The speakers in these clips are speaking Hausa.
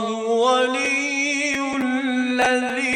الله ولي الذي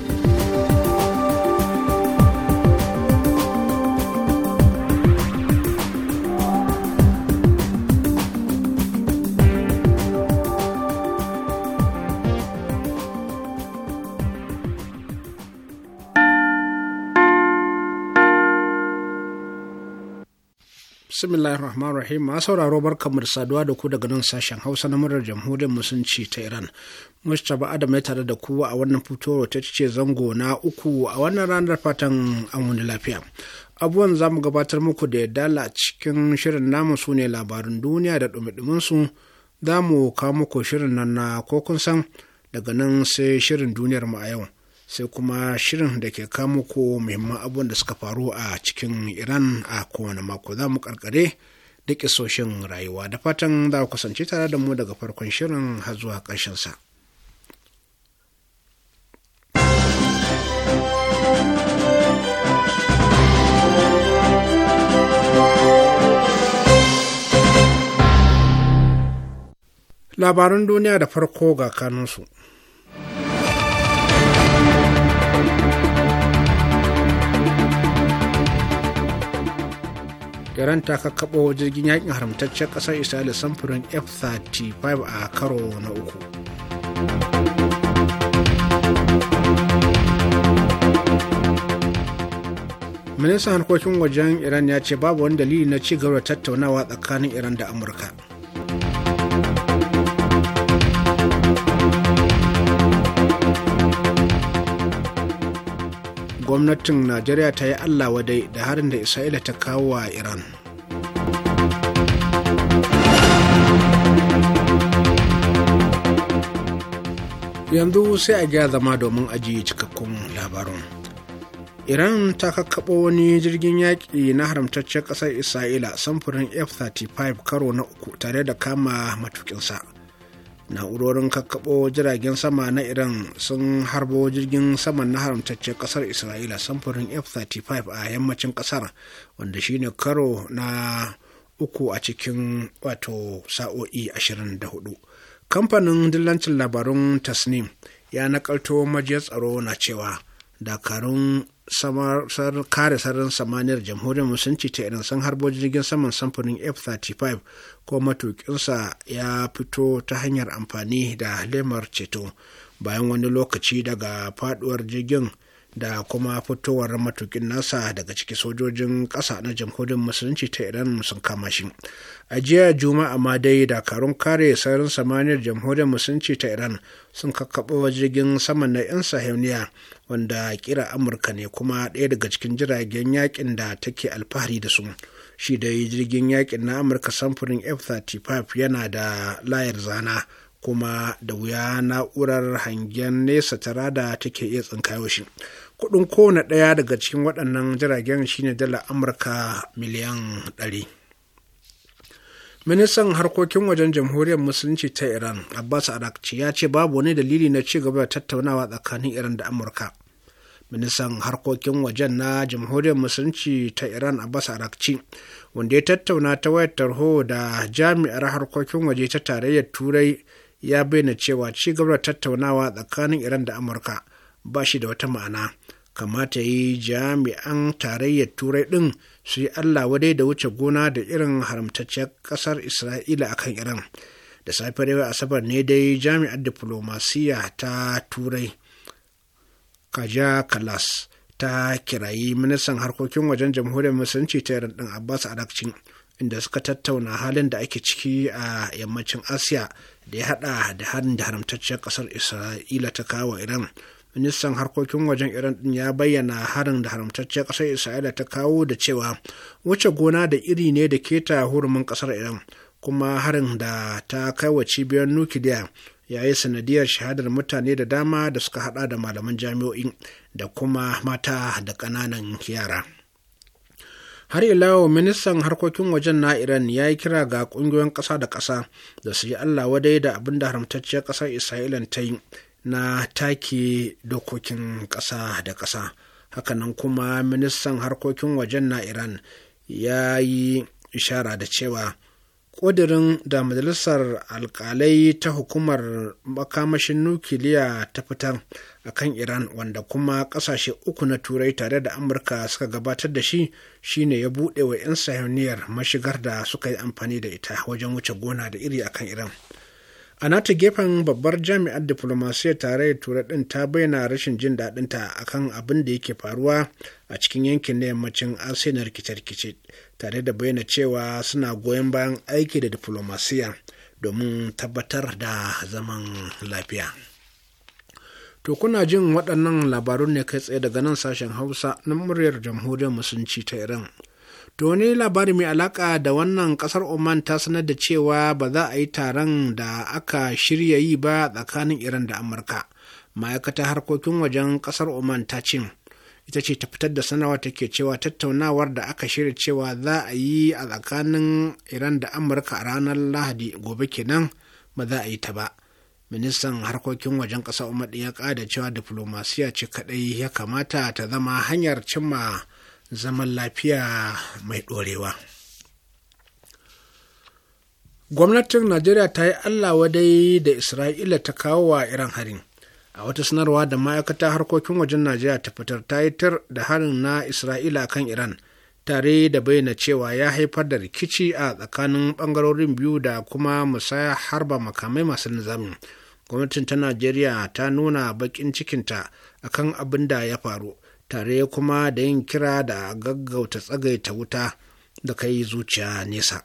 bismillahir rahmanir rahim ma sauraro barkamu da saduwa da ku daga nan sashen hausa na murar jamhuriyar musulunci ta iran mustapha adam ya tare da ku a wannan fitowar ta ce zango na uku a wannan ranar fatan an lafiya abubuwan za mu gabatar muku da yadda a cikin shirin namu su ne labarin duniya da dumi su za mu kawo muku shirin nan na kokun san daga nan sai shirin duniyar mu a yau sai kuma shirin da ke kamo ko muhimman abubuwan da suka faru a cikin iran a kowane mako za mu karkare da kisoshin rayuwa da fatan za ku kusance tare da mu daga farkon shirin har zuwa ƙarshen sa. labaran duniya da farko ga kanunsu. iran ta kakkaɓo jirgin yakin haramtaccen ƙasar isra'ila samfurin f-35 a karo na uku ministan harkokin wajen iran ya ce babu wani dalili na ci gaba tattaunawa tsakanin iran da amurka gwamnatin najeriya ta yi allah wadai da harin da isra'ila ta kawo wa iran yanzu sai a gya zama domin ajiye cikakkun labarun iran ta kakkaɓo wani jirgin yaƙi na haramtaccen ƙasar isra'ila samfurin f-35 karo na uku tare da kama matukinsa na'urorin kakkaɓo jiragen sama na iran sun harbo jirgin saman na haramtaccen kasar isra'ila samfurin f-35 a yammacin kasar. wanda shine karo na uku a cikin wato sa'o'i 24 kamfanin dillancin labarun tasnim ya nakalto majiyar tsaro na cewa dakarun kare sararin samaniyar jamhuriyar musulunci ta irin sun harbo jirgin saman samfurin f-35 ko matuƙinsa ya fito ta hanyar amfani da lemar ceto bayan wani lokaci daga faduwar jirgin da kuma fitowar matukin nasa daga ciki sojojin ƙasa na jamhuriyar musulunci ta iran sun kama shi a jiya juma'a ma dai dakarun kare sararin samaniyar jamhuriyar musulunci ta iran sun kakkaɓo jirgin sama na 'yan sahiyoniya wanda kira amurka ne kuma ɗaya daga cikin jiragen yakin da take alfahari da su shi dai jirgin yakin na amurka samfurin f-35 yana da layar zana kuma da wuya na'urar hangen nesa ta rada take iya tsinkayo shi kudin kowane ɗaya daga cikin waɗannan jiragen shine dala amurka miliyan 100 ministan harkokin wajen jamhuriyar musulunci ta iran abbas arakci ya ce babu wani dalili na ci gaba da tattaunawa tsakanin iran da amurka ministan harkokin wajen na jamhuriyar musulunci ta iran abbas arakci wanda ya tattauna ta wayar tarho da jami'ar harkokin waje ta tarayyar turai ya bayyana cewa ci gaba tattaunawa tsakanin iran da amurka ba shi da wata ma'ana kamata yi jami'an tarayyar turai ɗin su yi allah wadai da wuce gona da irin haramtacciyar ƙasar isra'ila a kan iran da safiyar yau asabar ne dai jami'ar diflomasiyya ta turai kaja kalas ta kirayi ministan harkokin wajen jamhuriyar musulunci ta iran ɗin abbas arakcin inda suka tattauna halin da ake ciki a yammacin asiya da ya hada da harin da haramtacciyar kasar isra'ila ta kawo iran ministan harkokin wajen iran din ya bayyana harin da haramtacciyar kasar isra'ila ta kawo da cewa wuce gona da iri ne da keta hurumin kasar iran kuma harin da ta kai wa cibiyar nukiliya ya yi sanadiyar shahadar mutane da dama da suka hada da malaman jami'o'i da kuma mata da ƙananan yara. har ilawa ministan harkokin wajen na iran ya yi kira ga kungiyoyin ƙasa da ƙasa da su yi allah wadai da abin da haramtacciyar ƙasar isra'ila ta yi na take dokokin ƙasa da ƙasa hakanan kuma ministan harkokin wajen na iran ya yi ishara da cewa ƙudirin da majalisar alkalai ta hukumar makamashin nukiliya ta fitar a kan iran wanda kuma ƙasashe uku na turai tare da amurka suka gabatar da shi shine ya bude wa 'yan sahaniyar mashigar da suka yi amfani da ita wajen wuce gona da iri a kan iran a nata gefen babbar jami'ar diflomasiyyar tarayyar turai din ta bayyana rashin jin daɗinta akan abin da yake faruwa a cikin yankin na yammacin asiya na rikice-rikice tare da bayyana cewa suna goyon bayan aiki da diflomasiyya domin tabbatar da zaman lafiya to kuna jin waɗannan labarun ne kai tsaye daga nan sashen hausa na muryar jamhuriyar musulunci ta iran To ne labari mai alaka da wannan kasar Oman ta sanar da cewa ba za a yi taron da aka shirya yi ba tsakanin Iran da Amurka. Ma'aikatar harkokin wajen kasar Oman ta ce ita ce ta fitar da sanarwa ke cewa tattaunawar da aka shirya cewa za a yi a tsakanin Iran da Amurka a ranar Lahadi gobe kenan ba za a yi ta ba. Ministan harkokin wajen ƙasar Oman ya ƙada cewa diflomasiya ce kaɗai ya kamata ta zama hanyar cimma zaman lafiya mai ɗorewa. Gwamnatin Najeriya ta yi Allah wadai da Isra'ila ta kawo wa Iran harin. A wata sanarwa da ma'aikata harkokin wajen Najeriya ta fitar ta yi tar da harin na Isra'ila kan Iran, tare da bayyana cewa ya haifar da rikici a tsakanin ɓangarorin biyu da kuma musaya harba makamai masu nizamin. Gwamnatin ta Najeriya ta nuna baƙin cikinta akan abin da ya faru tare kuma da yin kira da gaggauta tsagaita wuta da kai zuciya nesa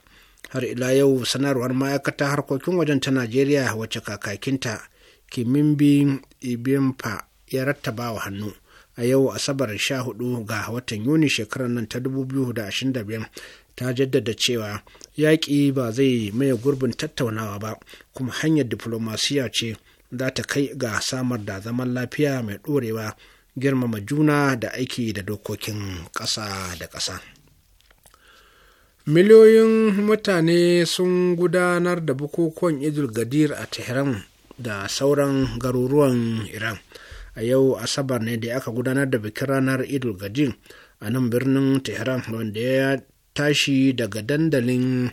har ila yau sanarwar ma'aikata harkokin wajen ta najeriya wacce kakakinta kimimbi ibimfa ya rattaba wa hannu a yau asabar 14 ga watan yuni shekarar nan ta 2025 ta jaddada cewa yaƙi ba zai maye gurbin tattaunawa ba kuma hanyar diflomasiya ce za ta kai ga samar da zaman lafiya mai ɗorewa girmama juna da aiki da dokokin ƙasa da ƙasa miliyoyin mutane sun gudanar da bukukuwan idul gadir a tehran da sauran garuruwan iran a yau asabar ne da aka gudanar da bikin ranar idul gadir a nan birnin tehran wanda ya tashi daga dandalin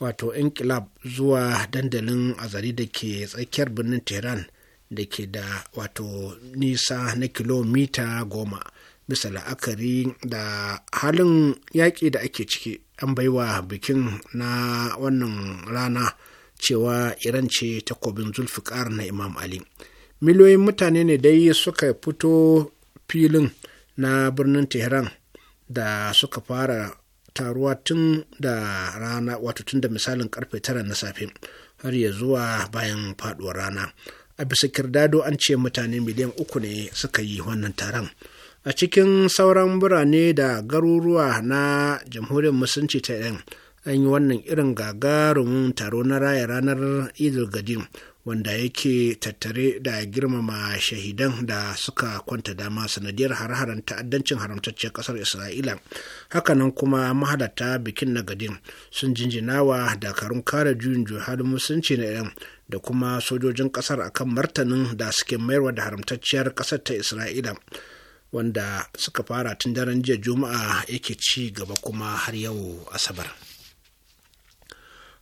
wato inkilab zuwa dandalin azari da ke tsakiyar birnin tehran da ke da wato nisa na kilomita goma bisa la'akari da halin yaƙi da ake ciki an baiwa bikin na wannan rana cewa iran ce takobin zulfikar na imam ali miliyoyin mutane ne dai suka fito filin na birnin tehran da suka fara taruwa tun da rana wato tun da misalin karfe tara na safe har ya zuwa bayan faduwar rana a bisa kirdado an ce mutane miliyan uku ne suka yi wannan taron a cikin sauran birane da garuruwa na jamhuriyar musulunci ta 'yan, an yi wannan irin gagarumin taro na raya ranar idul gadim wanda yake tattare da girmama shahidan da suka kwanta dama sanadiyar har-haren ta'addancin haramtacciyar kasar isra'ila hakanan kuma mahalarta bikin nagadin sun jinjinawa dakarun kare juyin halin musulunci na yan da kuma sojojin kasar akan martanin da suke mayarwa da haramtacciyar kasar ta isra'ila wanda suka fara tun daren jiya juma'a yake ci gaba kuma har yau asabar.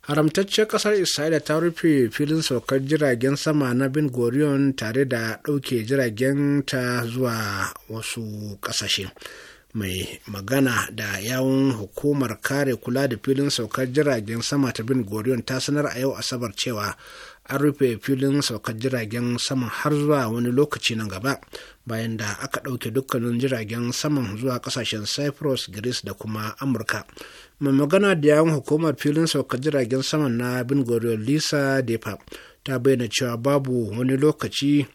haramtacciyar kasar isra'ila ta rufe filin saukar jiragen sama na bin gorion tare da ɗauke jiragen ta zuwa wasu ƙasashe mai magana da yawun hukumar kare kula da filin saukar jiragen sama ta bin gorion ta sanar a yau asabar cewa an rufe filin saukar jiragen saman har zuwa wani lokaci na gaba bayan da aka ɗauke dukkanin jiragen saman zuwa ƙasashen cyprus greece da kuma amurka mai magana da yawon hukumar filin saukar jiragen saman na bin lisa depa ta bayyana cewa babu wani lokaci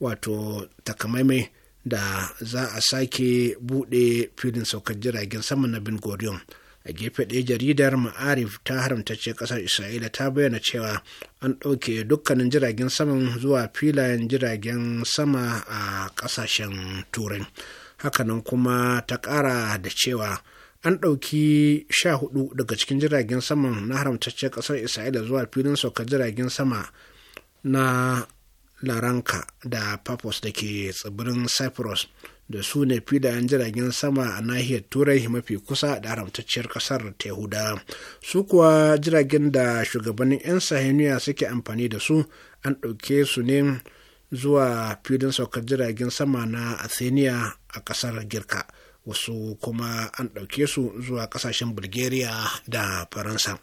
wato takamaimai da za a sake buɗe filin saukar jiragen saman na bin a gefe ɗaya jaridar ma'arif ta haramtacce ƙasar isra'ila ta bayyana cewa an ɗauke dukkanin jiragen saman zuwa filayen jiragen sama a ƙasashen turai hakanan kuma ta ƙara da cewa an ɗauki sha hudu daga cikin jiragen saman na haramtacce ƙasar isra'ila zuwa filin saukar jiragen sama na laranka da papos da ke tsibirin cyprus da su ne filayen jiragen sama a nahiyar turai mafi kusa da haramtacciyar kasar ta yahuda su kuwa jiragen da shugabannin 'yan sahiniya suke amfani da su an ɗauke su ne zuwa filin saukar jiragen sama na athenia a kasar girka wasu kuma an ɗauke su zuwa ƙasashen bulgaria da faransa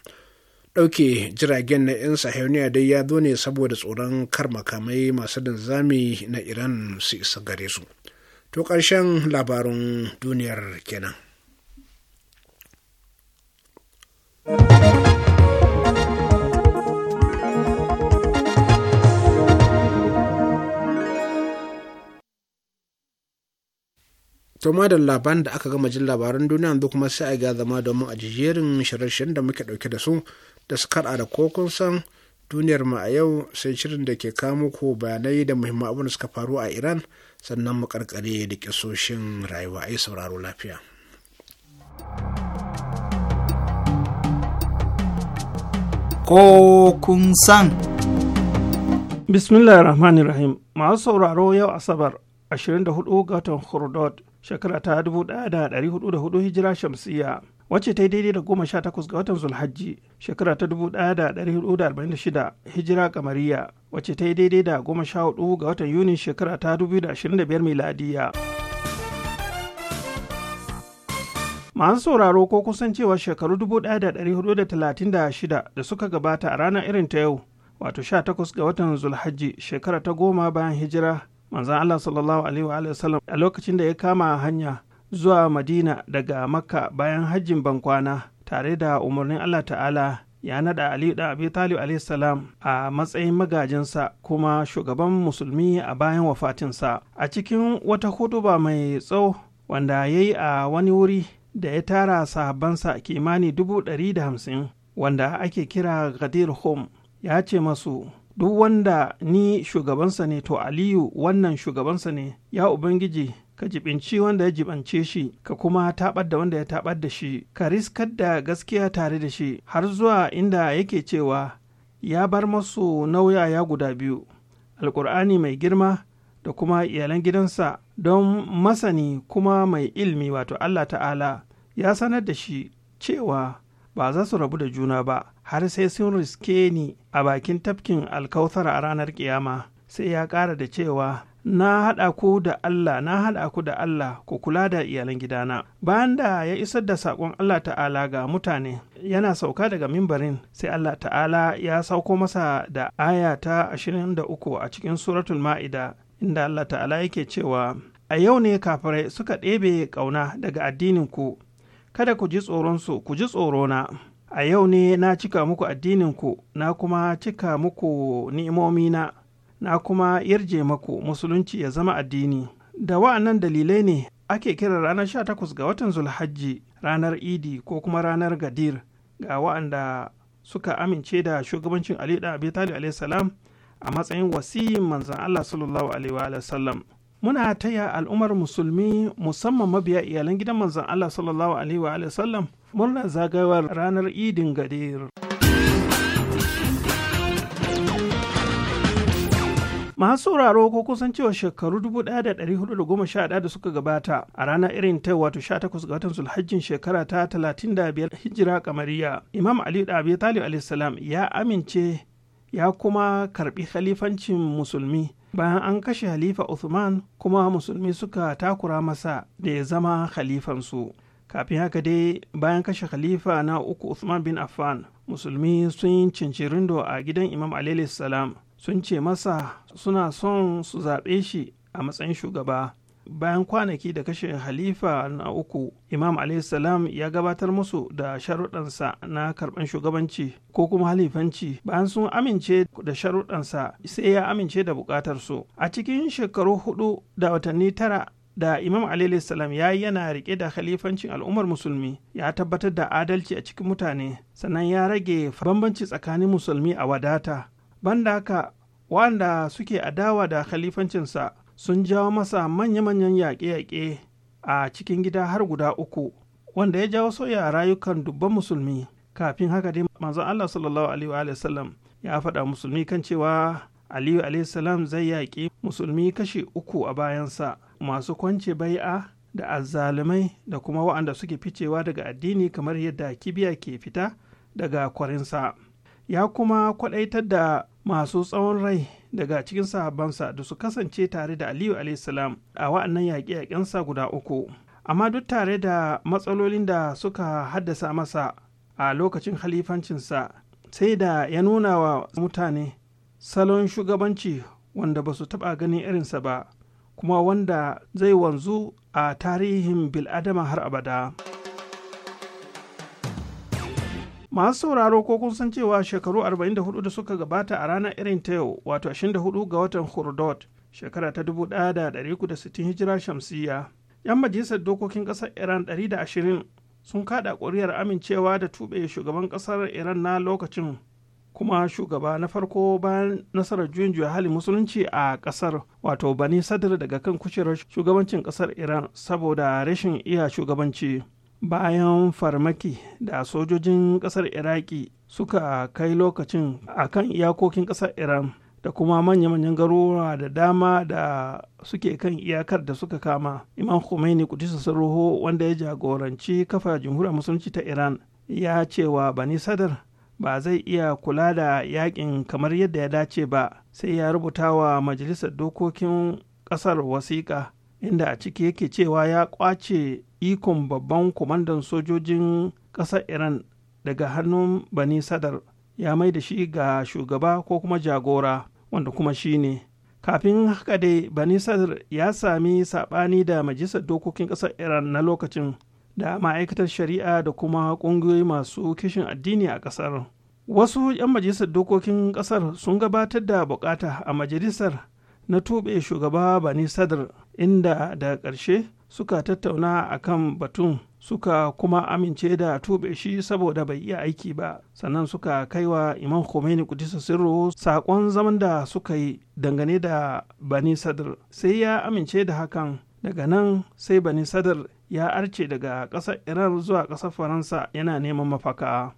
ɗauke jiragen na 'yan sahiyoniya dai ya zo ne saboda tsoron kar makamai masu linzami na iran su isa gare su to ƙarshen labarun duniyar kenan. to da labaran da aka gama jin labaran duniya yanzu kuma sai a ga zama domin a jijerin shirye-shiryen da muke ɗauke da su da su kara da kokon san duniyar mu a yau sai shirin da ke kawo muku bayanai da muhimman abin da suka faru a iran sannan mu karkare da kisoshin rayuwa ai sauraro lafiya ko kun san bismillahir rahmanir rahim masu sauraro yau asabar 24 ga watan hurdod shekara ta 1404 hijira shamsiyya wacce ta yi daidai da goma sha takwas ga watan zulhajji shekara ta dubu ɗaya da ɗari hudu da arba'in da shida hijira kamariya wacce ta yi daidai da goma sha hudu ga watan yuni shekara ta dubu da ashirin da biyar miladiya. masu sauraro ko kusan cewa shekaru dubu ɗaya da ɗari hudu da talatin da shida da suka gabata a ranar irin ta yau wato sha takwas ga watan zulhajji shekara ta goma bayan hijira manzan allah sallallahu alaihi wa sallam a lokacin da ya kama hanya zuwa madina daga makka bayan hajjin bankwana tare da umarnin allah ta'ala ya nada Ali da abi talib salam a matsayin magajinsa kuma shugaban musulmi a bayan wafatinsa a cikin wata hutuba mai tsawo wanda ya yi a wani wuri da ya tara sahabbansa kimani dubu ɗari da hamsin wanda ake kira gadir home ya ce masu duk wanda ni shugabansa ne to aliyu wannan shugabansa ne ya ubangiji ka jibinci wanda ya jibance shi ka kuma tabar da wanda ya tabar da shi ka riskar da gaskiya tare da shi har zuwa inda yake cewa ya bar masu nauyaya guda biyu alkur'ani mai girma da kuma iyalan gidansa don masani kuma mai ilmi wato allah ta'ala ya sanar da shi cewa ba za su rabu da juna ba har sai sun riske ni a bakin tafkin alkautar a ranar kiyama sai ya ƙara da cewa na haɗa ku da Allah na haɗa ku da Allah ku kula da iyalan gidana bayan da ya isar da saƙon Allah ta'ala ga mutane yana sauka daga mimbarin sai Allah ta'ala ya sauko masa da aya ta 23 a cikin suratul ma'ida inda Allah ta'ala yake cewa a yau ne kafirai suka ɗebe ƙauna daga addinin ku kada ku ji tsoronsu ku ji tsorona a yau ne na cika muku addinin ku na kuma cika muku ni'imomina na kuma yarje maku musulunci ya zama addini da wa'annan dalilai ne ake kira ranar 18 ga watan zulhajji ranar idi ko kuma ranar gadir ga wa'anda suka amince da shugabancin ali da abi talib salam a matsayin wasiyin manzan allah sallallahu alaihi wa sallam muna taya al'ummar musulmi musamman mabiya iyalan gidan manzan allah sallallahu alaihi wa sallam murnar zagayowar ranar idin gadir. masu sauraro ko kusan cewa shekaru 1411 da suka gabata a ranar irin ta wato 18 ga watan sulhajjin shekara ta 35 hijira kamariya imam ali da abi talib alaihissalam ya amince ya kuma karbi khalifancin musulmi bayan an kashe halifa Uthman kuma musulmi suka takura masa da ya zama khalifansu kafin haka dai bayan kashe khalifa na uku Uthman bin Affan musulmi sun yi cincirindo a gidan imam alaihi salam sun ce masa suna son su zaɓe shi a matsayin shugaba bayan kwanaki da kashe halifa na uku imam salam ya gabatar musu da sharuɗansa na karɓan shugabanci ko kuma halifanci bayan sun amince da sharuɗansa sai ya amince da buƙatarsu a cikin shekaru hudu da watanni tara da imam salam ya yi yana rike da khalifancin al'ummar musulmi ya tabbatar da adalci a cikin mutane sannan ya rage bambanci tsakanin musulmi a wadata banda haka wanda suke adawa da khalifancinsa sun jawo masa manya-manyan yaƙe-yaƙe a cikin gida har guda uku wanda ya jawo soya rayukan dubban musulmi kafin haka dai manzon Allah sallallahu alaihi wa sallam ya faɗa musulmi kan cewa Aliyu alaihi salam zai yaƙi musulmi kashi uku a bayansa masu kwance bai'a da azzalumai da kuma wa'anda suke ficewa daga addini kamar yadda kibiya ke fita daga kwarinsa ya kuma kwaɗaitar da masu tsawon rai daga cikin sahabbansa da su kasance tare da aliyu salam a wa'annan yaƙe-yaƙensa guda uku amma duk tare da matsalolin da suka haddasa masa a lokacin halifancinsa sai da ya nuna wa mutane salon shugabanci wanda ba su taɓa ganin irinsa ba kuma wanda zai wanzu a tarihin bil'adama har abada. masu sauraro ko kun san cewa shekaru 44 da suka gabata a ranar irin ta yau wato 24 ga watan hurdot shekara ta 1960 hijira shamsiya yan majalisar dokokin kasar iran 120 sun kada ƙuri'ar amincewa da tube shugaban kasar iran na lokacin kuma shugaba na farko bayan nasarar juyin juya hali musulunci a kasar wato bani sadr daga kan kushirar shugabancin kasar iran saboda rashin iya shugabanci bayan farmaki da sojojin ƙasar iraki suka kai lokacin a kan iyakokin ƙasar iran da kuma manya-manyan garuruwa da dama da suke kan iyakar da suka kama imam khomeini kudisa ruho wanda ya jagoranci kafa jamhuriyar musulunci ta iran ya cewa bani sadar ba zai iya kula da yakin kamar yadda ya dace ba sai ya rubuta wa majalisar dokokin ƙasar wasiƙa inda a ciki yake cewa ya ƙwace ikon babban kwamandan sojojin ƙasar iran daga hannun bani sadar ya mai da shi ga shugaba ko kuma jagora wanda kuma shi ne kafin haka dai bani sadar ya sami saɓani da majalisar dokokin ƙasar iran na lokacin da ma'aikatar shari'a da kuma ƙungiyoyi masu kishin addini a ƙasar wasu 'yan majalisar dokokin ƙasar sun gabatar da bukata a majalisar na tuɓe shugaba bani sadar inda da ƙarshe suka tattauna a kan batun suka kuma amince da tube shi saboda bai iya aiki ba sannan suka kaiwa imam Khomeini kudisa sirru saƙon zaman da suka yi dangane da bani sadr sai ya amince da hakan daga nan sai bani sadr ya arce daga ƙasar iran zuwa ƙasar faransa yana neman mafaka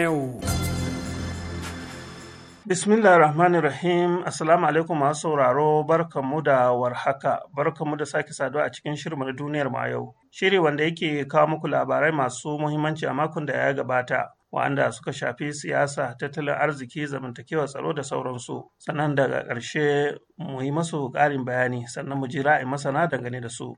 yau. Bismillah rahman rahim Assalamu alaikum masu sauraro barkanmu da warhaka barkanmu da sake saduwa a cikin shirin duniyar ma yau. Shiri wanda yake kawo muku labarai masu muhimmanci a makon da ya gabata. Wa'anda suka shafi siyasa, tattalin arziki, zamantakewa tsaro da sauransu. Sannan daga ƙarshe mu yi masu ƙarin bayani sannan mu ji ra'ayin masana dangane da su.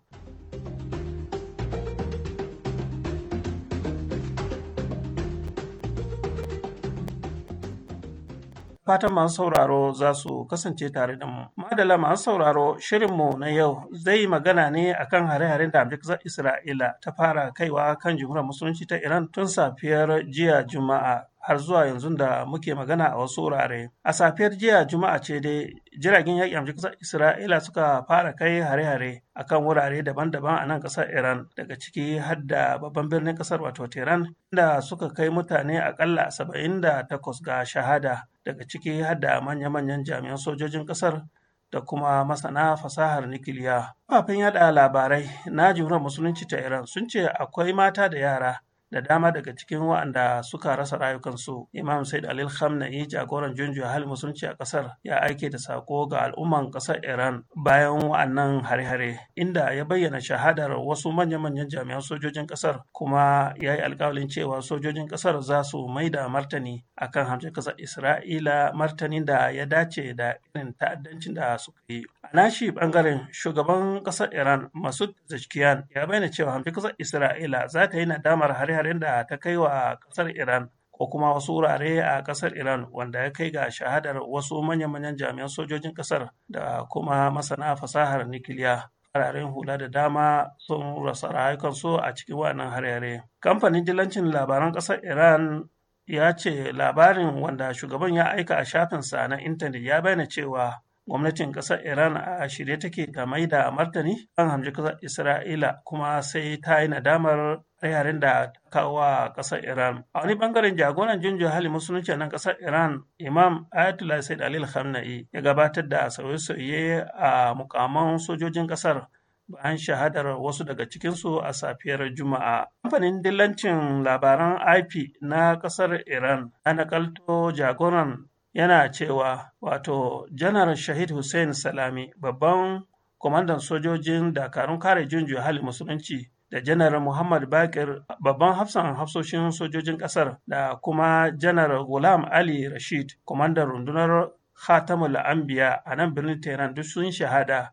fatan masu sauraro za su kasance tare da mu. Madala masu sauraro shirinmu na yau zai magana ne akan hare-haren da Amurka Isra'ila ta fara kaiwa kan jimhuriyar musulunci ta Iran tun safiyar jiya Juma'a har zuwa yanzu da muke magana a wasu wurare. A safiyar jiya Juma'a ce dai jiragen yaƙi amshi ƙasar Isra'ila suka fara kai hare-hare a kan wurare daban-daban a nan ƙasar Iran daga ciki har da babban birnin ƙasar wato Tehran da suka kai mutane aƙalla saba'in da takwas ga shahada daga ciki har da manya-manyan jami'an sojojin ƙasar da kuma masana fasahar nikiliya. Kafin yada labarai na jimurar musulunci ta Iran sun ce akwai mata da yara da dama daga cikin waɗanda suka rasa rayukansu imam said alil yi jagoran junju hali musulunci a kasar, ya aike da sako ga al'umman ƙasar iran bayan wa'annan hare-hare inda ya bayyana shahadar wasu manya-manyan jami'an sojojin ƙasar kuma ya yi alƙawalin cewa sojojin ƙasar za su mai da martani akan hamshe ƙasar isra'ila martanin da ya dace da irin ta'addancin da suka yi a nashi ɓangaren shugaban ƙasar iran masud zakiyan ya bayyana cewa hamshe ƙasar isra'ila za ta yi nadamar hare hare da ta kai wa kasar Iran ko kuma wasu wurare a kasar Iran wanda ya kai ga shahadar wasu manya-manyan jami'an sojojin kasar da kuma masana fasahar nikiliya. Fararen hula da dama sun rasa rayukansu a cikin wannan har yare. Kamfanin jilancin labaran kasar Iran ya ce labarin wanda shugaban ya aika a shafinsa na intanet ya bayyana cewa gwamnatin ƙasar iran a shirye take ga mai da martani an hamji ƙasar isra'ila kuma sai ta yi nadamar yaren da kawo wa ƙasar iran a wani bangaren jagoran jinjin hali musulunci nan ƙasar iran imam ayatollah said alil khamnai ya gabatar da sauye-sauye a mukamman sojojin ƙasar bayan shahadar wasu daga cikinsu a safiyar Juma'a. Kamfanin dillancin labaran IP na ƙasar Iran na nakalto jagoran yana cewa wato janar shahid hussein salami babban kwamandan sojojin dakarun kare junju hali musulunci da janar muhammad bakir babban hafsan hafsoshin sojojin kasar da kuma janar gulam ali rashid kwamandan rundunar khatamul anbiya a nan birnin tehran duk sun shahada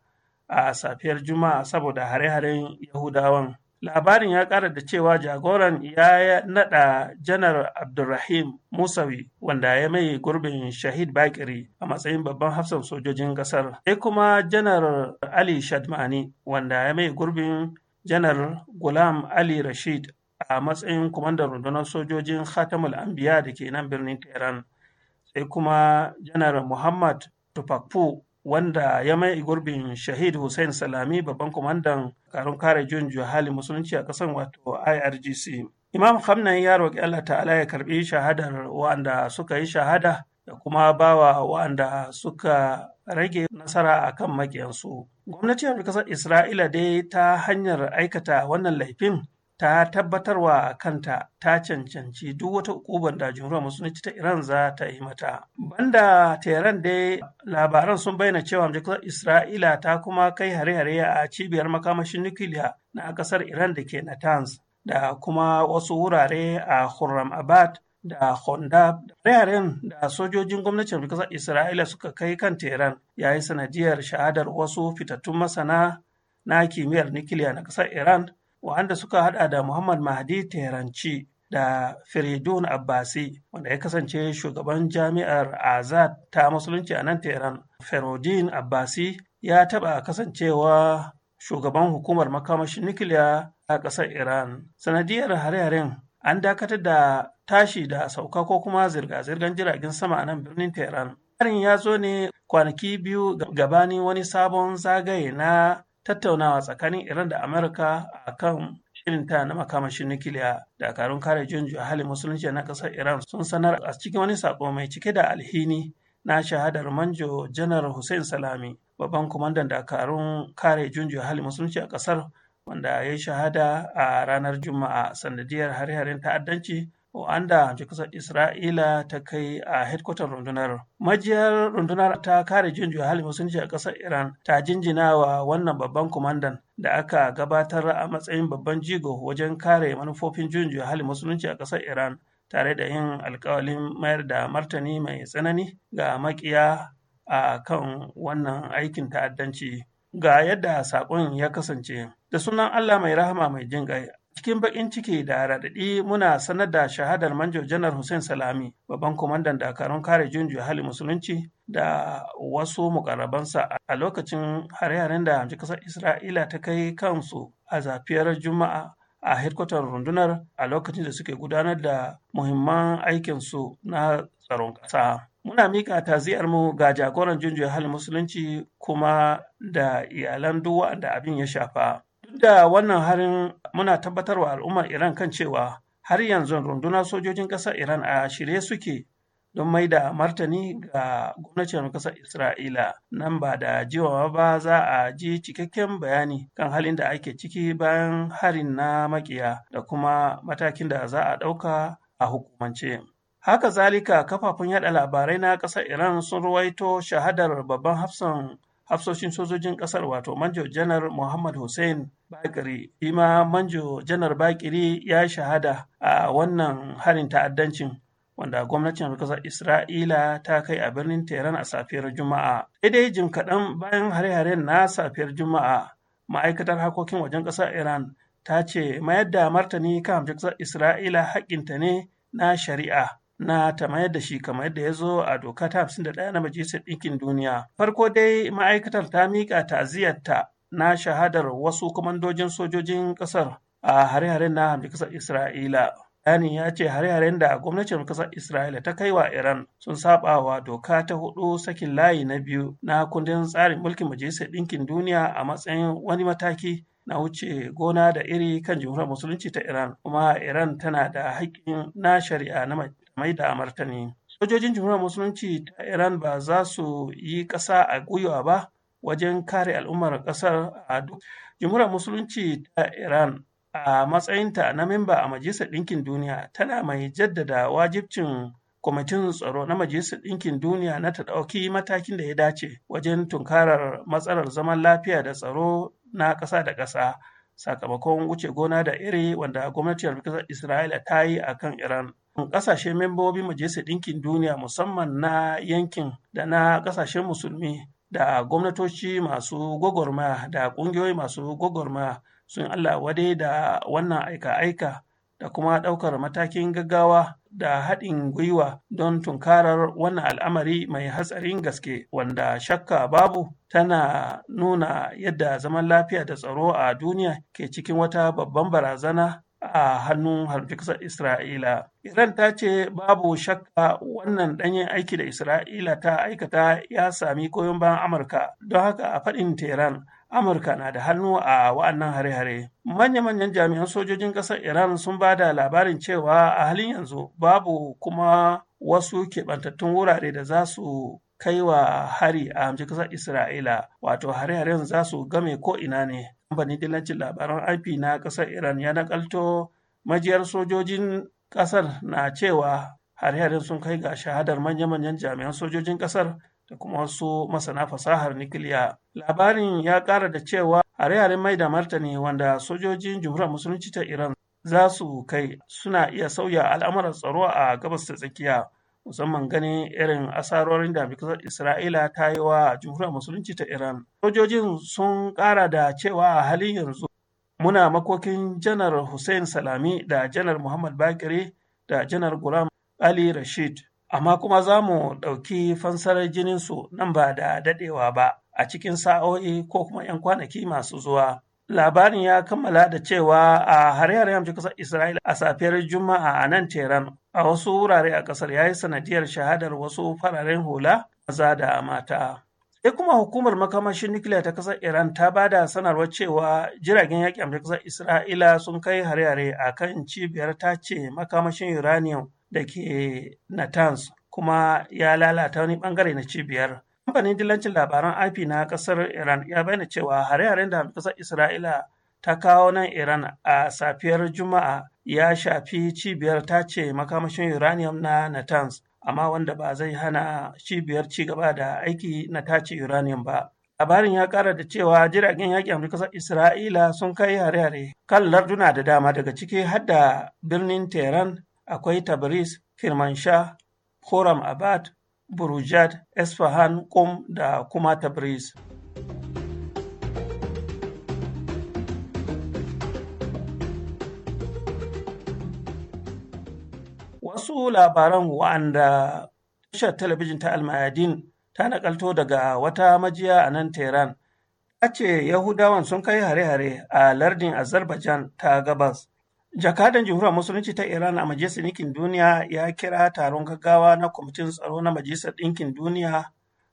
a safiyar juma'a saboda hare-haren yahudawan Labarin ya kara da cewa jagoran ya nada janar Abdulrahim Musawi wanda ya mai gurbin Shahid Bakiri a matsayin babban hafsan sojojin kasar Sai kuma janar Ali Shadmani wanda ya mai gurbin janar Gulam Ali Rashid a matsayin kwamandan rundunar sojojin Khatamul Anbiya da ke nan birnin Tehran. Sai kuma janar Muhammad Tupakpu wanda ya mai gurbin Shahid Hussein Salami babban kwamandan karun kare juyin juya halin musulunci a ƙasar wato irgc imam hamnan ya roƙi allah ta'ala ya karɓi shahadar wa'anda suka yi shahada da kuma bawa wa'anda suka rage nasara a kan maƙiyansu gwamnatin ƙasar isra'ila dai ta hanyar aikata wannan laifin ta tabbatarwa kanta ta cancanci duk wata hukumar da jumhuriyar musulunci ta Iran za ta yi mata. Banda Tehran dai labaran sun bayyana cewa amjakar Isra'ila ta kuma kai hare-hare a cibiyar makamashin nukiliya na kasar Iran da ke Natanz da kuma wasu wurare a Khurram Abad da Honda hare-haren da sojojin gwamnatin kasar Isra'ila suka kai kan Tehran ya yi sanadiyar shahadar wasu fitattun masana na kimiyyar nukiliya na kasar Iran wa'anda suka hada da Muhammad Mahdi Teranci da Firidun Abbasi wanda ya kasance shugaban jami'ar Azad ta musulunci a nan teran. Firidun Abbasi ya taɓa kasancewa shugaban hukumar makamashin nukiliya a ƙasar Iran. Sanadiyar hare-haren an dakatar da tashi da sauka ko kuma zirga-zirgar jiragen sama a nan birnin teran. Harin ya zo ne kwanaki biyu gabani wani sabon zagaye na tattaunawa tsakanin Iran da Amurka a kan shirinta na makamashin nukiliya. Dakarun kare junju a halin musulunci na ƙasar Iran sun sanar a cikin wani sako mai cike da alhini na shahadar manjo janar Hussein Salami, babban kwamandan dakarun kare junju a halin musulunci a ƙasar wanda ya yi shahada a ranar Juma'a sanadiyar hare-haren ta'addanci wanda kasar isra'ila ta kai a hedkwatar rundunar majiyar rundunar ta kare jin halin musulunci a ƙasar iran ta jinjina wa wannan babban Kumandan, da aka gabatar a matsayin babban jigo wajen kare manufofin jin halin musulunci a ƙasar iran tare da yin alkawalin mayar da martani mai tsanani ga makiya a kan wannan aikin ta'addanci ga yadda saƙon ya kasance da sunan allah mai rahama mai jin cikin bakin ciki da raɗaɗi muna sanar da shahadar manjo janar hussein salami babban kwamandan dakarun kare junju hali musulunci da wasu mukarrabansa a lokacin hare-haren da hamci ƙasar isra'ila ta kai kansu a zafiyar juma'a a hedkwatar rundunar a lokacin da suke gudanar da muhimman aikinsu na tsaron ƙasa. Muna miƙa taziyarmu ga jagoran junjiyar hali musulunci kuma da iyalan duk wanda abin ya shafa. da wannan harin muna tabbatarwa al'ummar Iran kan cewa har yanzu rundunar sojojin ƙasar Iran a shirye suke don mai da martani ga gwamnatin ƙasar Isra'ila nan ba da jiwawa ba za a ji cikakken bayani kan halin da ake ciki bayan harin na makiya da kuma matakin da za a ɗauka a hukumance. Haka zalika kafafun yada labarai na ƙasar Iran sun ruwaito shahadar babban hafsan hafsoshin sojojin kasar wato manjo janar muhammad hussein bakiri ima manjojanar manjo janar bakiri ya shahada a wannan harin ta'addancin wanda gwamnatin kasar isra'ila ta kai a birnin teheran a safiyar juma'a idai jim kaɗan bayan hare-haren na safiyar juma'a ma'aikatar harkokin wajen ƙasar iran ta ce mayar da martani kan hamshin kasar isra'ila haƙƙinta ne na shari'a na ta mayar da shi kamar yadda ya zo a doka ta hamsin ɗaya na majalisar ɗinkin duniya. Farko dai ma'aikatar ta miƙa ta'aziyarta na shahadar wasu kwamandojin sojojin ƙasar a hare-haren na hamdi ƙasar Isra'ila. yani ya ce hare-haren da gwamnatin ƙasar Isra'ila ta kai wa Iran sun saba wa doka ta hudu sakin layi na biyu na kundin tsarin mulkin majalisar ɗinkin duniya a matsayin wani mataki na wuce gona da iri kan jamhuriyar musulunci ta Iran kuma Iran tana da haƙƙin na shari'a na mai da martani sojojin jamhuriyar musulunci ta iran ba za su yi ƙasa a gwiwa ba wajen kare al'ummar ƙasar a duk jamhuriyar musulunci ta iran a matsayinta na memba a majalisar ɗinkin duniya tana mai jaddada wajibcin kwamitin tsaro na majalisar ɗinkin duniya na ta ɗauki matakin da ya dace wajen tunkarar matsalar zaman lafiya da tsaro na ƙasa da ƙasa sakamakon wuce gona da iri wanda gwamnatin Isra'ila ta yi a kan Iran. kasashe membobin Majalisar Ɗinkin Duniya musamman na yankin da na ƙasashen musulmi da gwamnatoci masu gogorma da ƙungiyoyi masu gogorma sun Allah wade da wannan aika-aika da kuma ɗaukar matakin gaggawa da haɗin gwiwa don tunkarar wannan al'amari mai hatsarin gaske wanda shakka babu tana nuna yadda zaman lafiya da tsaro a duniya ke cikin wata babban barazana a hannun harbi kasar Isra'ila. Iran ta ce babu shakka wannan ɗanyen aiki da Isra'ila ta aikata ya sami koyon bayan Amurka don haka a faɗin Tehran Amurka na da hannu a wa'annan hare-hare. Manya-manyan jami'an sojojin ƙasar Iran sun ba da labarin cewa a halin yanzu babu kuma wasu keɓantattun wurare da za su kai wa hari a hamshi ƙasar Isra'ila wato hare-haren za su game ko ina ne. kamfanin dillacin labaran IP na ƙasar Iran ya nakalto majiyar sojojin ƙasar na cewa hare-haren sun kai ga shahadar manya-manyan jami'an sojojin ƙasar da kuma wasu masana fasahar nikiliya. Labarin ya ƙara da cewa hare-haren mai da martani wanda sojojin jumhuriyar musulunci ta Iran za su kai suna iya sauya al'amuran tsaro a gabas ta tsakiya musamman ganin irin asarorin da Isra'ila ta yi wa jumhuriyar musulunci ta Iran. Sojojin sun ƙara da cewa a halin yanzu muna makokin janar Hussein Salami da janar Muhammad Bakire da janar Gulam Ali Rashid. Amma kuma za mu ɗauki fansarar jininsu nan ba da daɗewa ba a cikin sa'o'i ko kuma 'yan kwanaki masu zuwa. Labarin ya kammala da cewa a hare-hare yamci kasar Isra'ila a safiyar Juma'a a nan Tehran a wasu wurare a ƙasar ya yi sanadiyar shahadar wasu fararen hula maza da mata. Sai kuma hukumar makamashin nukiliya ta ƙasar Iran ta ba da sanarwar cewa jiragen yaƙi hamshi kasar Isra'ila sun kai hare-hare a kan cibiyar ta ce makamashin uranium da ke Natanz kuma ya lalata wani bangare na cibiyar. Kamfanin dillancin labaran IP na ƙasar Iran ya bayyana cewa hare-haren da kasar Isra'ila ta kawo nan Iran a safiyar Juma'a ya shafi cibiyar ta ce makamashin uranium na Natanz, amma wanda ba zai hana cibiyar ci gaba da aiki na tace uranium ba. Labarin ya kara da cewa jiragen yaƙi Amurka ƙasar Isra'ila sun kai hare-hare kan larduna da dama daga ciki har da birnin Tehran akwai Tabriz, Kirmansha, Horam Abad, Burujad, Esfahan, Kum da kuma Tabriz. Wasu labaran wa'anda tashar talabijin ta Almayadin ta nakalto daga wata majiya a nan Tehran, ta ce Yahudawan sun kai hare-hare a lardin Azerbaijan ta gabas. Jakadan Jamhuriyar Musulunci ta Iran a Majalisar Ɗinkin Duniya ya kira taron gaggawa na Kwamitin Tsaro na Majalisar Ɗinkin Duniya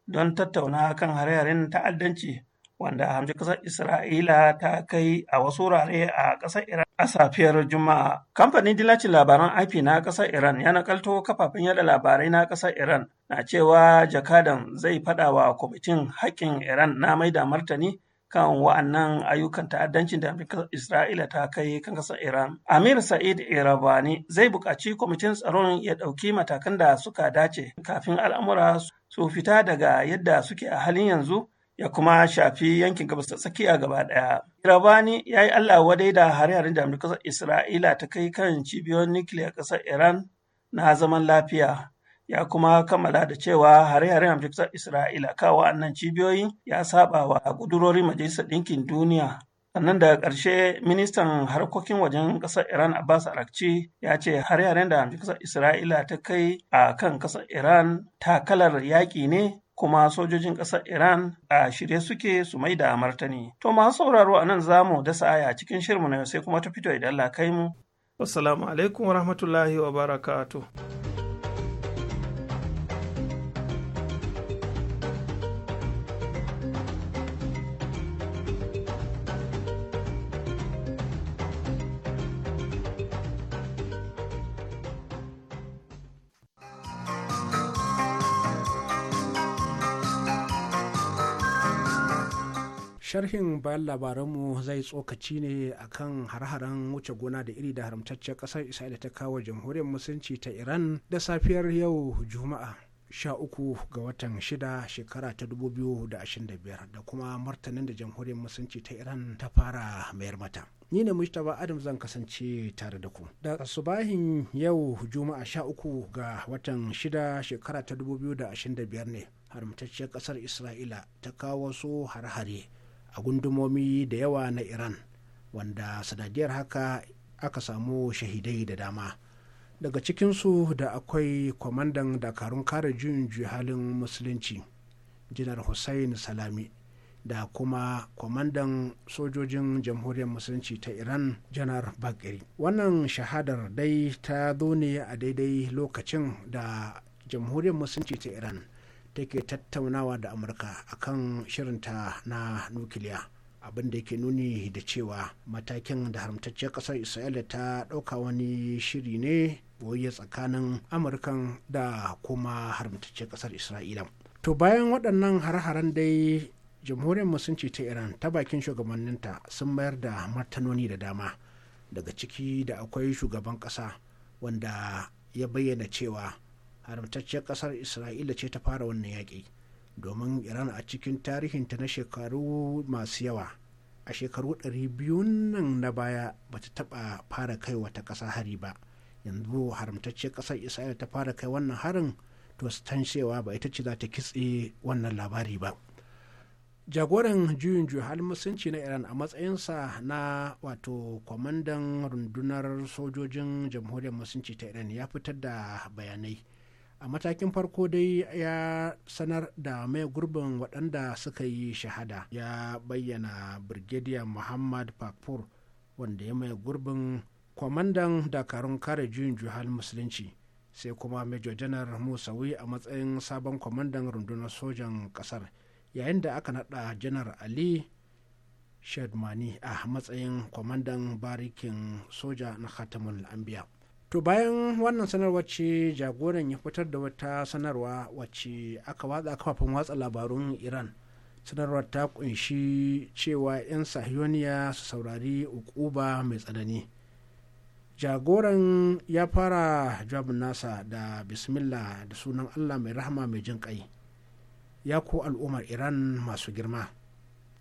don tattauna kan hare-haren ta'addanci wanda hamji ƙasar Isra'ila ta kai a wasu wurare a ƙasar Iran a safiyar Juma'a. Kamfanin dilacin labaran IP na ƙasar Iran ya nakalto kafafen yada labarai na ƙasar Iran na cewa jakadan zai faɗa wa kwamitin haƙƙin Iran na maida martani kan wa'annan ayyukan ta'addancin da Amurka Isra'ila ta kai kan kasar Iran. Amir Sa'id Irabani zai buƙaci kwamitin tsaron ya ɗauki matakan da suka dace kafin al'amura su fita daga yadda suke a halin yanzu ya kuma shafi yankin gabas ta tsakiya gaba ɗaya. Irabani ya yi Allah wadai da hare-haren da Amurka Isra'ila ta kai kan cibiyoyin nukiliyar ƙasar Iran na zaman lafiya. ya kuma kammala da cewa hare-haren hamjiktar isra'ila kan wa'annan cibiyoyi ya saba wa ƙudurorin majalisar ɗinkin duniya sannan daga ƙarshe ministan harkokin wajen ƙasar iran abbas arakci ya ce har haren da ƙasar isra'ila ta kai a kan ƙasar iran takalar yaƙi ne kuma sojojin ƙasar Iran a shirye suke su mai da martani. To masu sauraro a nan za mu dasa aya cikin shirmu na sai kuma ta fito idan Allah kai mu. Assalamu alaikum wa rahmatullahi wa sharhin bayan labaranmu zai tsokaci ne akan har-haren wuce gona da iri da haramtacciyar ƙasar isra'ila ta kawo jamhuriyar musulunci ta iran da safiyar yau juma'a 13 ga watan 6 shekara ta 2025 da kuma martanin da jamhuriyar musulunci ta iran ta fara mayar mata ni ne mustapha adam zan kasance tare da ku da subahin yau juma'a 13 ga watan 6 shekara ta 2025 ne haramtacciyar kasar isra'ila ta kawo su har-hare a gundumomi da yawa na iran wanda sanadiyar haka aka samu shahidai da dama daga cikinsu da akwai kwamandan dakarun kare juyin halin musulunci janar hussain salami da kuma kwamandan sojojin jamhuriyar musulunci ta iran janar bakiri wannan shahadar dai ta zo ne a daidai lokacin da jamhuriyar musulunci ta iran take tattaunawa da amurka akan shirinta na nukiliya abin da ke nuni da cewa matakin da haramtacciyar kasar isra'ila ta ɗauka wani shiri ne boye tsakanin amurkan da kuma haramtacciyar kasar isra'ila to bayan waɗannan har-haren dai jamhuriyar musulunci ta iran ta bakin shugabanninta sun mayar da martanoni da dama daga ciki da akwai shugaban ƙasa wanda ya bayyana cewa haramtacciyar kasar isra'ila ce ta fara wannan yaƙi domin iran a cikin tarihinta na shekaru masu yawa a shekaru 200 nan na baya ba ta taɓa fara kai wata ƙasa hari ba yanzu haramtacciyar ƙasar isra'ila ta fara kai wannan harin to su cewa ba ita ce za ta kitse wannan labari ba jagoran juyin juhal musulunci na iran a matsayinsa na wato kwamandan rundunar sojojin jamhuriyar musulunci ta iran ya fitar da bayanai a matakin farko dai ya sanar da mai gurbin waɗanda suka yi shahada ya bayyana brigadier muhammad fakfur wanda ya mai gurbin kwamandan dakarun kare juyin juhal musulunci sai kuma major janar musawi a matsayin sabon kwamandan rundunar sojan ƙasar yayin da aka naɗa janar ali shadmani a matsayin kwamandan barikin soja na khatamul anbiya to bayan wannan sanarwar ce jagoran ya fitar da wata sanarwa wacce aka watsa kafafen watsa labarun iran sanarwar ta kunshi cewa 'yan sahiyoniya su saurari ukuba mai tsanani jagoran ya fara jawabin nasa da bismillah da sunan allah mai rahama mai jin kai ya ko al'ummar iran masu girma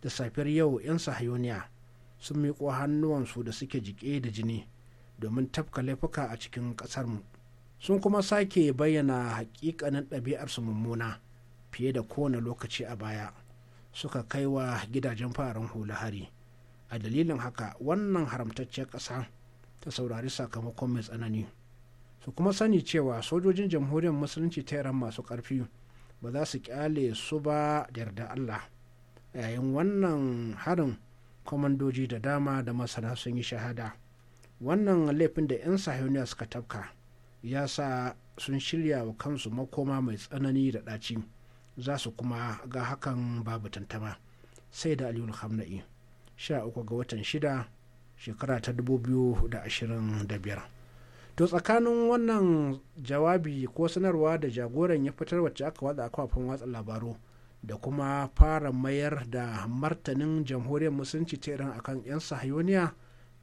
da safiyar yau 'yan sahayoniya sun miƙo hannuwansu da suke jiƙe da jini domin tafka laifuka a cikin mu sun kuma sake bayyana hakikanin ɗabi'arsu mummuna fiye da kowane lokaci a baya suka kai wa gidajen fararen hula hari a dalilin haka wannan haramtacciyar ƙasa ta saurari sakamakon mai tsanani su kuma sani cewa sojojin jamhuriyar musulunci ta iran masu ƙarfi ba za su kyale su ba da yarda allah yayin wannan harin kwamandoji da dama da masana sun yi shahada wannan laifin da 'yan sahiyoniya suka tafka ya sa sun shirya wa kansu makoma mai tsanani da ɗaci za su kuma ga hakan babu tantama sai da aliyu hamna'i sha uku ga watan shida shekara ta dubu to tsakanin wannan jawabi ko sanarwa da jagoran ya fitar wacce aka watsa a watsa labaru da kuma fara mayar da martanin jamhuriyar musulunci ta iran akan 'yan sahiyoniya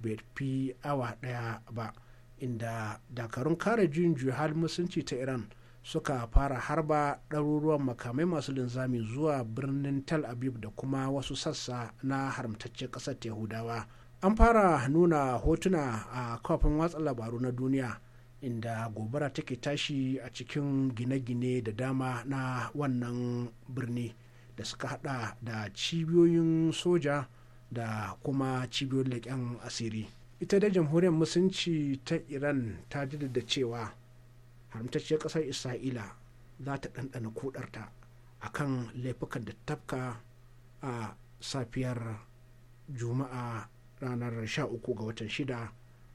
bai fi awa daya ba inda dakarun kare juyin juhal musulunci ta iran suka fara harba ɗaruruwan makamai masu linzami zuwa birnin tel aviv da kuma wasu sassa na haramtacce ƙasar yahudawa an fara nuna hotuna a kafin watsa labaru na duniya inda gobara take tashi a cikin gine-gine da dama na wannan birni da suka hada da cibiyoyin soja da kuma cibiyoyin leƙen asiri ita da jamhuriyar musulunci ta iran ta jaddada cewa haramtacciyar ƙasar isra'ila za ta ɗanɗana kudarta a kan laifukan da tafka a safiyar juma'a ranar 13 ga watan 6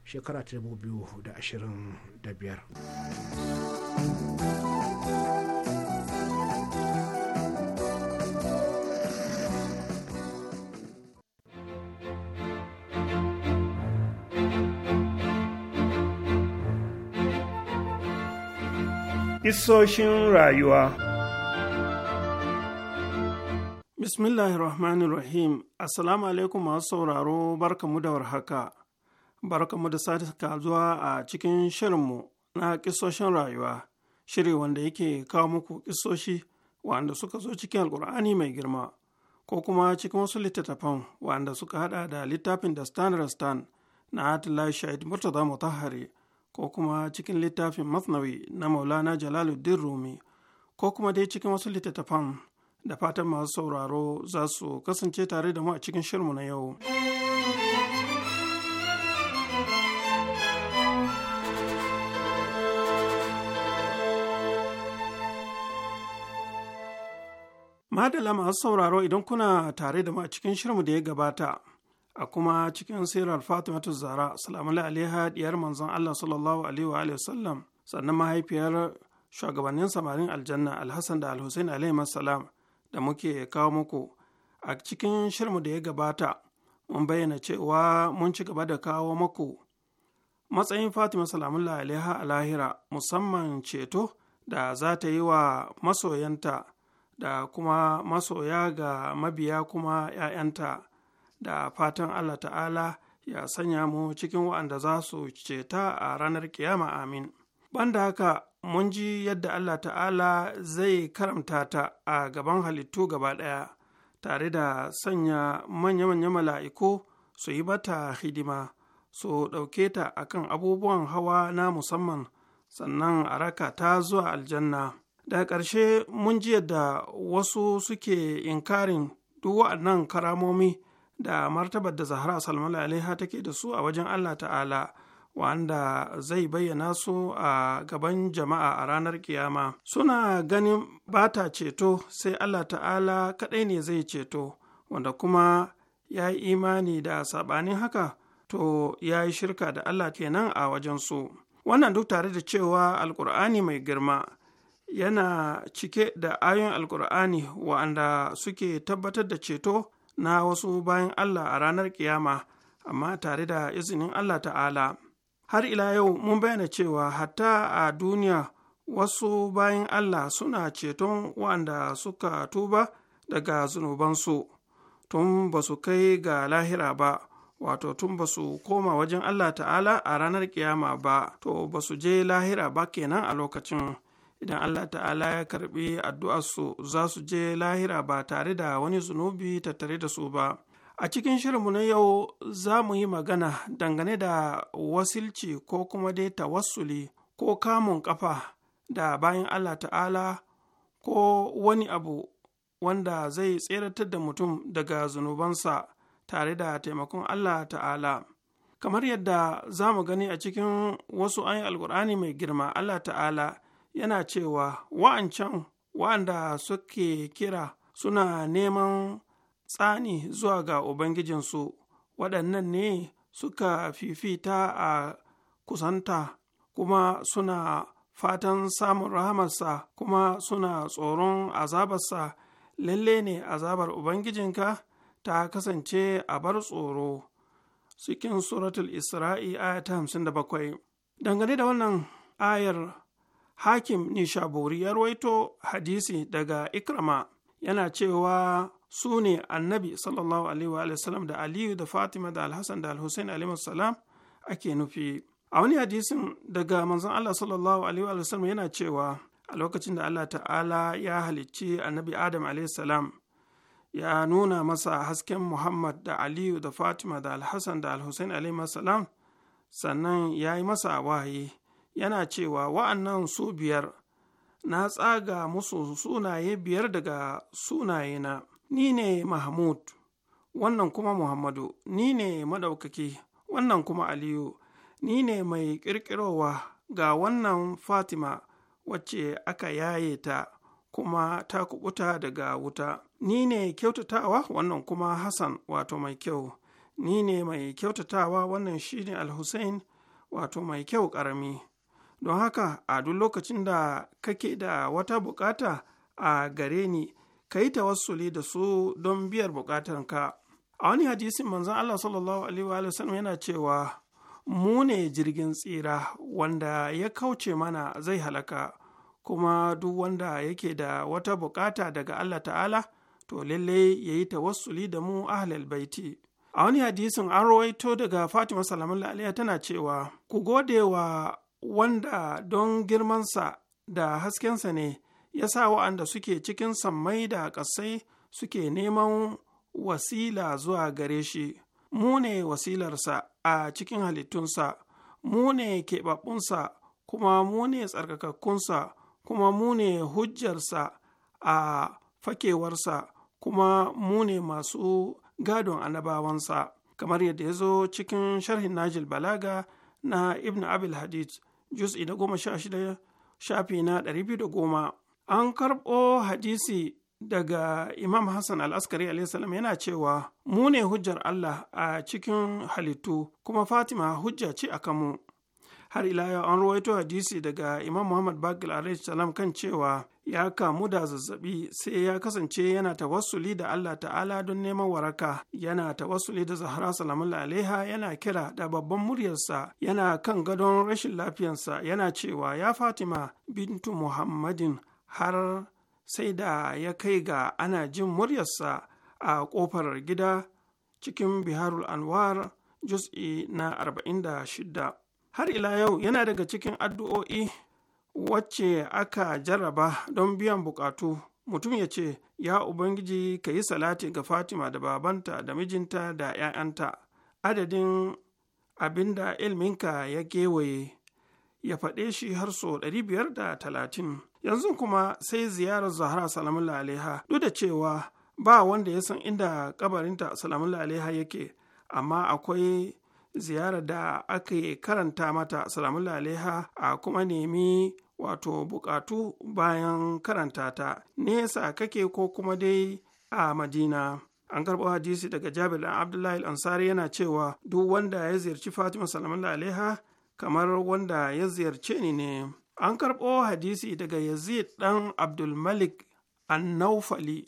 shekara ta 2025 Isoshin rayuwa Bismillahirrahmanirrahim Assalamu alaikum masu sauraro barkamu da warhaka barkamu da sati zuwa a cikin shirinmu na kisoshin rayuwa shiri wanda yake kawo muku kisoshi wanda suka zo cikin alkur'ani mai girma ko kuma cikin wasu littattafan wanda suka hada da littafin da stan stand na atila shahid murtaza mutahari ko kuma cikin littafin masnawi na maulana jalaluddin rumi ko kuma dai cikin wasu littattafan da fatan masu sauraro za su kasance tare da mu a cikin shirmu na yau. Madala masu sauraro idan kuna tare da mu a cikin shirmu da ya gabata, a kuma cikin sirar fatimatu zara salamu alaiha diyar manzon allah sallallahu alaihi wa sallam sannan mahaifiyar shugabannin samarin aljanna alhassan da alhussein alaihi salam da muke kawo muku a cikin shirmu da ya gabata mun bayyana cewa mun ci gaba da kawo muku matsayin fatima Salamu alaiha a lahira musamman ceto da za ta yi wa masoyanta da kuma masoya ga mabiya kuma 'ya'yanta da fatan Allah ta'ala ya sanya mu cikin wa'anda za su ceta a ranar kiyama amin. Banda haka mun ji yadda Allah ta'ala zai karamta ta a gaban halittu gaba ɗaya tare da sanya manya-manya mala'iku su yi bata hidima su ɗauke ta akan abubuwan hawa na musamman sannan a raka ta zuwa aljanna. Da ƙarshe mun ji yadda wasu suke inkarin duk waɗannan karamomi da martabar da zahra salman alaiha take da su a wajen allah ta'ala wanda zai bayyana su a gaban jama'a a ranar kiyama suna ganin ba ta ceto sai allah ta'ala kaɗai ne zai ceto wanda kuma ya yi imani da saɓanin haka to ya yi shirka da allah kenan a wajen su. wannan duk tare da cewa alkur'ani mai girma yana cike da ayon alkur'ani wa'anda suke tabbatar da ceto na wasu bayan Allah a ranar kiyama amma tare da izinin Allah ta'ala har ila yau mun bayyana cewa hatta a duniya wasu bayan Allah suna ceton waɗanda suka tuba daga zunubansu tun ba su kai ga lahira ba wato tun ba su koma wajen Allah ta'ala a ranar kiyama ba to ba su je lahira ba kenan a lokacin idan Allah ta'ala ya karbi addu'arsu za su je lahira ba tare da wani zunubi tattare da su ba. A cikin shirinmu na yau za mu yi magana dangane da wasilci ko kuma dai tawassuli ko kamun ƙafa da bayan Allah ta'ala ko wani abu wanda zai tseratar da mutum daga zunubansa tare da taimakon Allah ta'ala. Kamar yadda za mu gani a cikin wasu ayin alkur'ani mai girma Allah ta'ala yana cewa wa'ancan wa'anda suke kira suna neman tsani zuwa ga ubangijinsu waɗannan ne suka fifita a kusanta kuma suna fatan samun rahamarsa kuma suna tsoron azabarsa lalle ne azabar ubangijinka ta kasance a bar tsoro cikin suratul isra'i aya ta 57 dangane da wannan ayar hakim nishaburi ya ruwaito hadisi daga ikrama yana cewa su ne annabi sallallahu alaihi wa sallam da aliyu da fatima da alhassan da alhussein alaihi salam ake nufi a wani hadisin daga manzon allah sallallahu alaihi wa sallam yana cewa a lokacin da allah ta'ala ya halicci annabi adam alaihi salam ya nuna masa hasken muhammad da aliyu da fatima da alhassan da alhussein alaihi salam sannan ya yi masa wahayi yana cewa wa'annan su biyar na tsaga musu sunaye biyar daga sunaye na. ni ne mahmud wannan kuma muhammadu ni ne madaukaki wannan kuma aliyu ni ne mai ƙirƙirowa ga wannan fatima wacce aka yaye ta kuma ta kubuta daga wuta ni ne kyautatawa wannan kuma hassan wato mai kyau ni ne mai kyautatawa wannan shine alhussein wato mai kyau ƙarami don haka a duk lokacin da kake da wata bukata a gare ni ka yi tawassuli da su don biyar bukatanka a wani hadisin manzon Allah sallallahu alaihi wa sallam yana cewa mu ne jirgin tsira wanda ya kauce mana zai halaka kuma duk wanda yake da wata bukata daga Allah ta'ala to lalle ya yi tawassuli da mu ahlal baiti a wani hadisin an rawaito daga fatima salamun alaiha tana cewa ku gode wa wanda don girmansa da haskensa ne ya sa wa'anda suke cikin sammai da ƙasai suke neman wasila zuwa gare shi mu ne wasilarsa a cikin halittunsa mu ne keɓaɓɓunsa kuma mu ne tsarkakakkunsa kuma mu ne hujjarsa a fakewarsa kuma mu ne masu gadon annabawansa kamar yadda ya zo cikin sharhin najil balaga na ibn abil hadid juz'i da goma sha shida shafi na ɗari biyu da goma an karɓo hadisi daga imam hassan al'askari alaihissalam yana cewa mu ne hujjar allah a cikin halittu kuma fatima hujja ce a kanmu har ila yau an ruwaito hadisi daga imam muhammad bakil alaihissalam kan cewa ya kamu da zazzabi sai ya kasance yana tawassuli da Allah ta'ala don neman waraka yana tawassuli da Zahra salamullah alaiha yana kira da babban muryarsa yana kan gadon rashin lafiyarsa yana cewa ya Fatima bintu Muhammadin har sai da ya kai ga ana jin muryarsa a kofar gida cikin Biharul Anwar juz'i na 46 har ila yau yana daga cikin addu'o'i wacce aka jarraba don biyan bukatu mutum ya ce ya ubangiji ka yi salati ga fatima da babanta da mijinta da 'ya'yanta adadin abin da ilminka ya gewaye ya faɗe shi har so talatin. yanzu kuma sai ziyarar zahra salamun Laleha. duk da cewa ba wanda ya san inda kabarinta salamun Laleha yake amma akwai ziyarar da aka karanta mata salamun Laleha a kuma nemi wato bukatu bayan karanta ta nesa kake ko kuma dai a madina an karɓo hadisi daga jabir dan abdullahi ansari yana cewa duk wanda ya ziyarci fatima salamallah alaiha kamar wanda ya ziyarce ni ne an karɓo hadisi daga yazid dan abdulmalik annaufali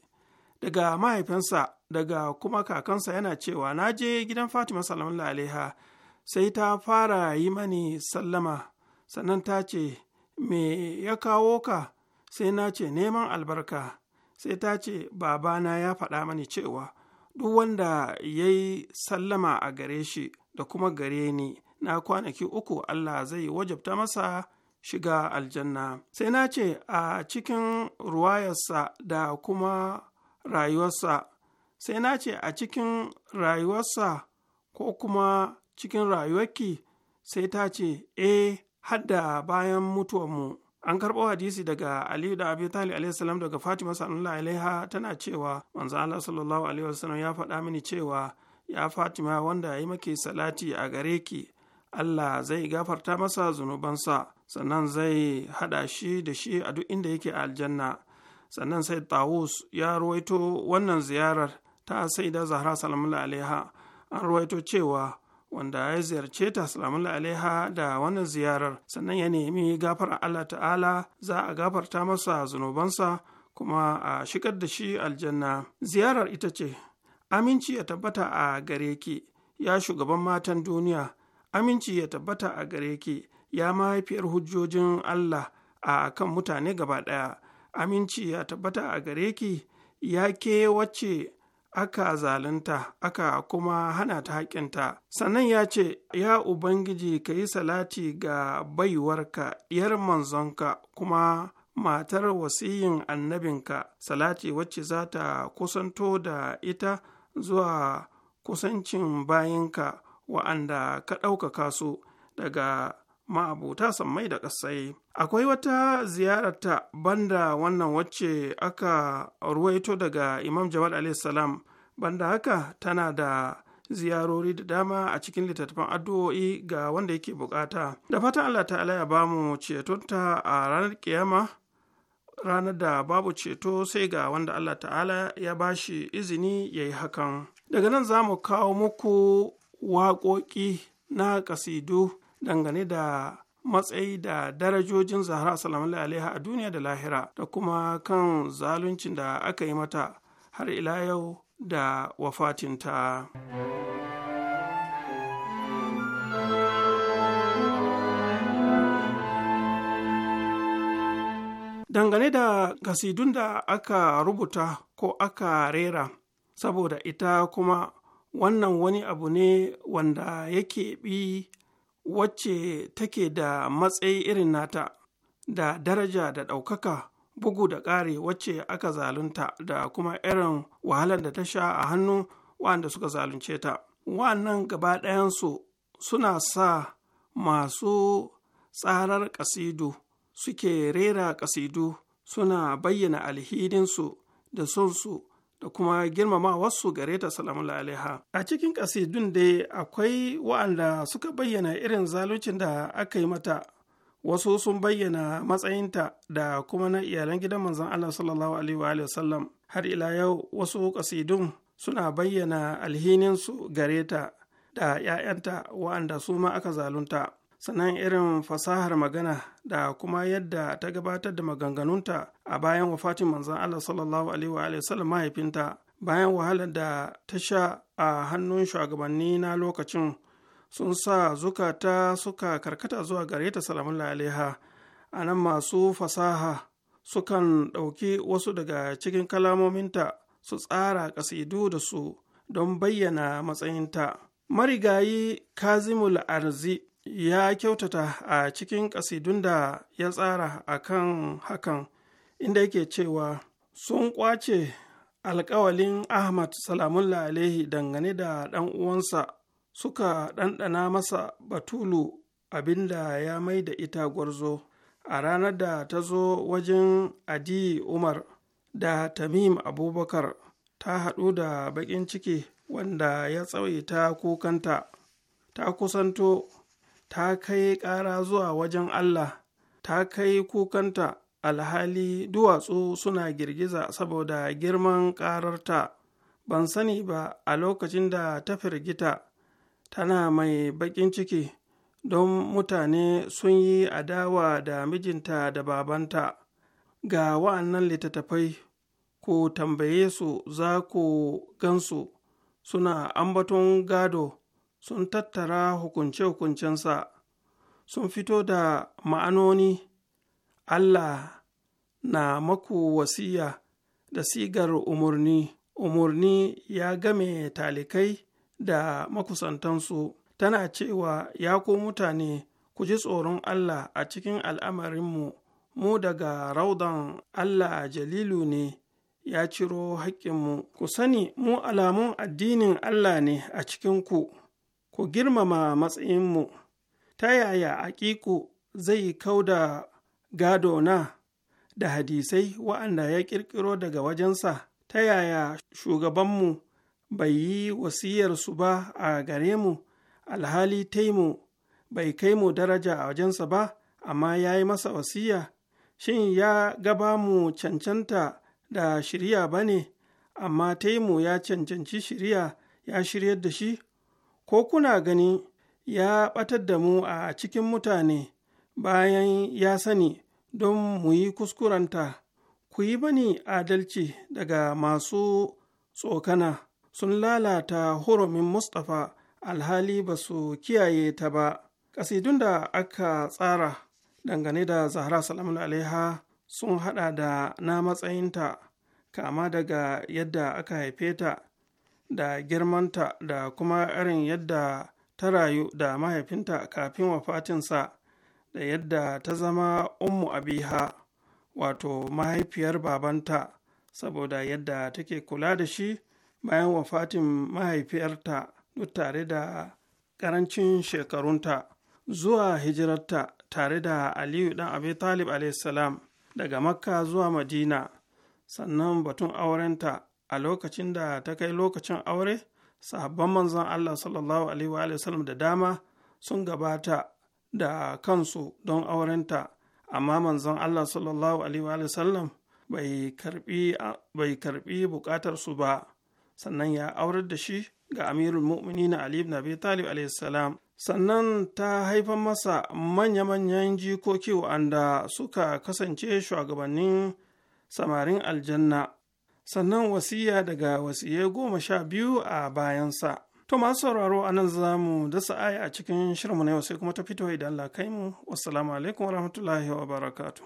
daga mahaifinsa daga kuma kakansa yana cewa na je gidan fatima salamallah alaiha sai ta fara yi mani sallama sannan ta ce me ya kawo ka sai na ce neman albarka sai ta ce babana ya faɗa mani cewa duk wanda ya yi sallama a gare shi da kuma gare ni na kwanaki uku Allah zai wajabta masa shiga aljanna sai na ce a cikin ruwayarsa da kuma rayuwarsa sai na ce a cikin rayuwarsa ko kuma cikin rayuwarki sai ta ce eh hadda bayan mutuwarmu an karɓo hadisi daga aliyu da abi talib daga fatima sallallahu alaiha tana cewa manzo allah sallallahu alaihi wasallam ya faɗa mini cewa ya fatima wanda ya yi maki salati a gare ki allah zai gafarta masa zunubansa sannan zai haɗa shi da shi a duk inda yake a aljanna sannan sai tawus ya ruwaito wannan ziyarar ta saida zahra sallallahu alaiha an ruwaito cewa wanda ya ziyarce ta Salamu alaiha da wannan ziyarar sannan ya nemi gafar Allah ta'ala za a gafarta masa zunubansa kuma a shigar da shi aljanna ziyarar ita ce aminci ya tabbata a gare ki ya shugaban matan duniya aminci ya tabbata a gare ki ya mahaifiyar hujjojin Allah a kan mutane gaba ɗaya aminci ya tabbata a gare ki ya ke wacce aka zalunta aka kuma hana ta haƙƙinta sannan ya ce ya ubangiji ka yi salati ga baiwarka yar manzonka kuma matar wasiyin annabinka salati wacce za ta kusanto da ita zuwa kusancin bayinka wa'anda ka ɗaukaka su daga ma'abota sammai da ƙasai. Akwai wata ziyararta banda wannan wacce aka ruwaito daga Imam Jawad salam banda haka tana da ziyarori da dama a cikin littattafan addu'o'i ga wanda yake bukata. Da fatan Allah ta ya bamu cetonta a ranar kiyama ranar da babu ceto sai ga wanda Allah ta'ala ya bashi izini ya yi hakan. Daga nan za mu kawo muku waƙoƙi na ƙasidu dangane da matsayi da darajojin zahra salamun alaiha a duniya da lahira da kuma kan zaluncin da aka yi mata har ila yau da wafatinta. dangane da kasidun da aka rubuta ko aka rera saboda ita kuma wannan wani abu ne wanda yake bi. wacce take da matsayi irin nata da daraja da ɗaukaka bugu da ƙari wacce aka zalunta da kuma irin wahalar da ta sha a hannu waɗanda suka zalunce ta wannan gaba ɗayansu suna sa masu tsarar ƙasidu suke rera ƙasidu suna bayyana alhidinsu da sonsu da kuma girmamawarsu gare ta salamu alaiha a cikin kasidun dai akwai wa'anda suka bayyana irin zaluncin da aka yi mata wasu sun bayyana matsayinta da kuma na iyalan gidan manzon Allah sallallahu alaihi wa sallam har ila yau wasu kasidun suna bayyana alhininsu gare ta da ‘ya'yanta wa'anda su ma aka zalunta sannan irin fasahar magana da kuma yadda ta gabatar da maganganunta a bayan fatin manzan Allah sallallahu alaihi wa sallam mahaifinta bayan wahalar da ta sha a hannun shugabanni na lokacin sun sa zukata suka karkata zuwa gare ta salamun alaiha a nan masu fasaha sukan ɗauki wasu daga cikin kalamominta su tsara kasidu da su don bayyana matsayinta marigayi kazimul arzi ya kyautata a cikin ƙasidun da ya tsara a kan hakan inda yake cewa sun ƙwace alkawalin ahmad salamullah alaihi dangane da ɗan uwansa suka ɗanɗana masa batulu abinda ya mai da ita gwarzo a ranar da ta zo wajen adi umar da tamim abubakar ta haɗu da baƙin ciki wanda ya tsawaita kukanta ta kusanto ta kai ƙara zuwa wajen Allah, ta kai kukanta alhali duwatsu suna girgiza saboda girman ƙararta, ban sani ba a lokacin da ta firgita, tana mai baƙin ciki don mutane sun yi adawa da mijinta da babanta. Ga wa'annan littattafai, ku tambaye su za ku gansu suna ambaton gado sun tattara hukunce-hukuncensa sun fito da ma'anoni allah na maku wasiya da sigar umarni umarni ya game talikai da makusantansu tana cewa ya ko mutane ku ji tsoron allah a cikin al'amarinmu mu daga raudan allah jalilu ne ya ciro haƙƙinmu ku sani mu alamun addinin allah ne a cikinku ku girmama matsayinmu ta yaya aƙiƙu zai kau da gado na? da hadisai wa'anda ya ƙirƙiro daga wajensa ta yaya shugabanmu bai yi wasiyarsu ba a gare mu alhali taimu bai kai mu daraja a wajensa ba amma ya yi masa wasiya shin ya gaba mu cancanta da shirya ba ne amma taimu ya cancanci shirya ya shiryar da shi ko kuna gani ya ɓatar da mu a cikin mutane bayan ya sani don mu yi kuskuranta, ku yi bani adalci daga masu tsokana sun lalata hurumin Mustapha alhali ba su kiyaye ta ba. Ƙasidun da aka tsara dangane da Zahra Salamun alaiha sun haɗa da na matsayinta, kama daga yadda aka haife ta da girmanta da kuma irin yadda ta rayu da mahaifinta kafin wafatinsa da yadda ta zama ummu abiha wato mahaifiyar babanta saboda yadda take kula da shi bayan wafatin mahaifiyarta duk tare da ƙarancin shekarunta zuwa hijirarta tare da aliyu dan abi talib daga makka zuwa madina sannan batun aurenta a lokacin da ta kai lokacin aure sahabban manzon Allah sallallahu alaihi wa sallam da dama sun gabata da kansu don aurenta amma manzon Allah sallallahu alaihi wa sallam bai karbi bukatar su ba sannan ya aurar da shi ga amirul mu'minin Ali ibn Abi Talib alaihi salam sannan ta haifar masa manya-manyan jikoki wa'anda suka kasance shugabannin samarin aljanna sannan wasiya daga wasiye goma sha biyu a bayansa. To masu sauraro a nan za mu dasa aya a cikin shirinmu na yau sai kuma ta fito idan Allah kai mu. Wassalamu alaikum warahmatullahi barakatu.